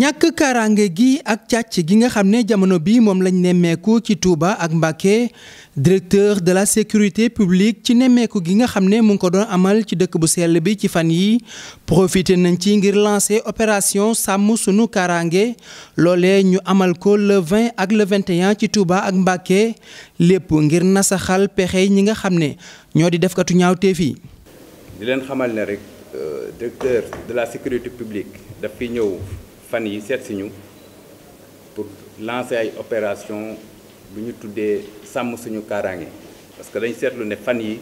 ñàkk kaaraange gi ak càcc gi nga xam ne jamono bi moom lañ nemmeeku ci Touba ak Mbacké directeur de la sécurité publique ci nemmeeku gi nga xam ne mu ngi ko doon amal ci dëkk bu sell bi ci fan yi profité nañ ci ngir lancer opération sàmm sunu kaaraange loole ñu amal ko le 20 ak le 21 ci Touba ak Mbacké lépp ngir nasaxal pexe ñi nga xam ne ñoo di defkatu ñaawteef yi. di leen xamal ne rek euh, directeur de la sécurité publique daf fi ñëw. fan yi seet si ñu pour lancer ay opération bu ñu tuddee sàmm suñu kaaraange parce que dañ seetlu ne fan yi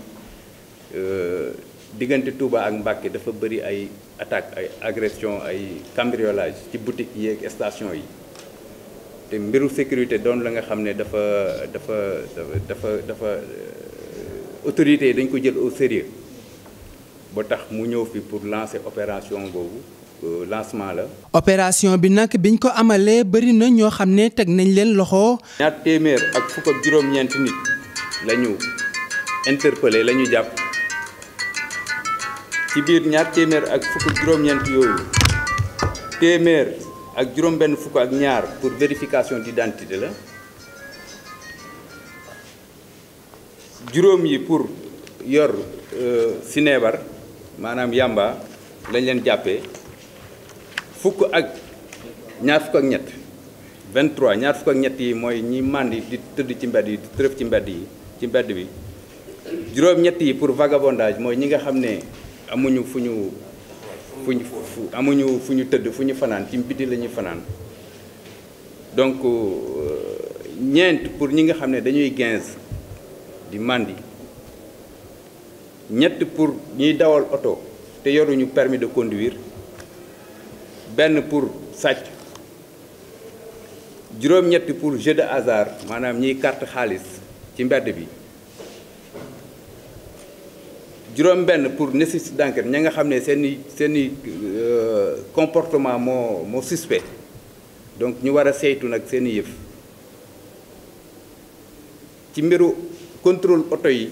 euh, diggante Touba ak Mbacké dafa bëri ay attaque ay agression ay cambriolage ci boutique yi ak station yi te mbiru sécurité doon la nga xam ne dafa dafa dafa dafa euh, autorités yi dañ ko jël au sérieux ba tax mu ñëw fi pour lancer opération boobu Euh, lancement la. opération bi nag biñ ko amalee bëri na ñoo xam ne teg nañ leen loxo. ñaar téeméer ak fukk ak juróom-ñeenti nit la ñu interpellé la ñu jàpp ci biir ñaar téeméer ak fukk ak juróom-ñeenti yooyu téeméer ak juróom-benn fukk ak ñaar pour vérification d'identité la juróom yi pour yor euh, neebar maanaam yàmba lañ leen jàppe fukk ak ñaar fukk ak ñett 23 ñaar fukk ak ñett yi mooy ñi màndi di tëdd ci mbedd yi di ci mbedd yi ci mbedd bi juróom-ñett yi pour vagabondage mooy ñi nga xam ne amuñu fu ñu fu ñu amuñu fu ñu tëdd fu ñu fanaan ci biti la ñuy fanaan donc euh, ñeent pour ñi nga xam ne dañuy quinze di màndi ñett pour ñuy dawal oto te yoruñu permis de conduire benn pour sàcc juróom-ñetti pour jeu de hasard maanaam ñiy carte xaalis ci mbedd bi juróom-benn pour nécessité d'enquête ña nga xam ne seeni seeni euh, comportement moo moo suspect donc ñu war a saytu nag seeni yëf ci mbiru contrôle oto yi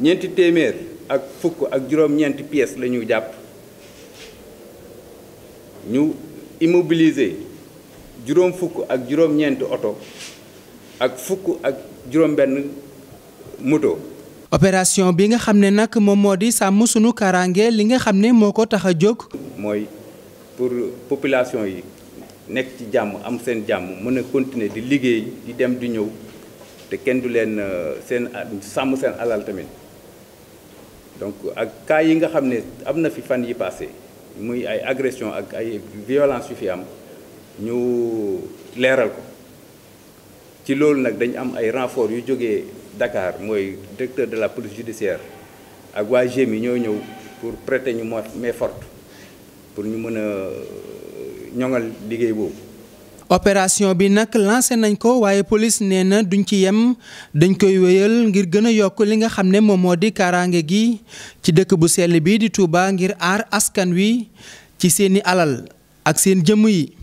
ñeenti téeméer ak fukk ak juróom-ñeenti pièces la ñu jàpp ñu immobiliser juróom fukk ak juróom-ñeenti oto ak fukk ak juróom-benn moto. opération bi nga xam ne nag moom moo di sàmm sunu kaaraange li nga xam ne moo ko tax a jóg. mooy pour population yi nekk ci jàmm am seen jàmm mën a di liggéey di dem di ñëw te kenn du leen euh, seen sàmm seen alal tamit donc ak kaa yi nga xam ne am na fi fan yi passé muy ay agression ak ay violence yu fi am ñu leeral ko ci loolu nag dañ am ay renfort yu jógee dakaar mooy directeur de la police judiciaire ak waa GMI ñoo ñëw pour prêter ñu moi mais forte pour ñu mën a euh, ñoŋal liggéey boobu opération bi nag lancé nañ ko waaye police nee na duñ ci yem dañ koy wéyal ngir gën a yokk li nga xam ne moom moo di kaaraange gi ci dëkk bu sell bi di Touba ngir aar askan wi ci seeni alal ak seen jëmm yi.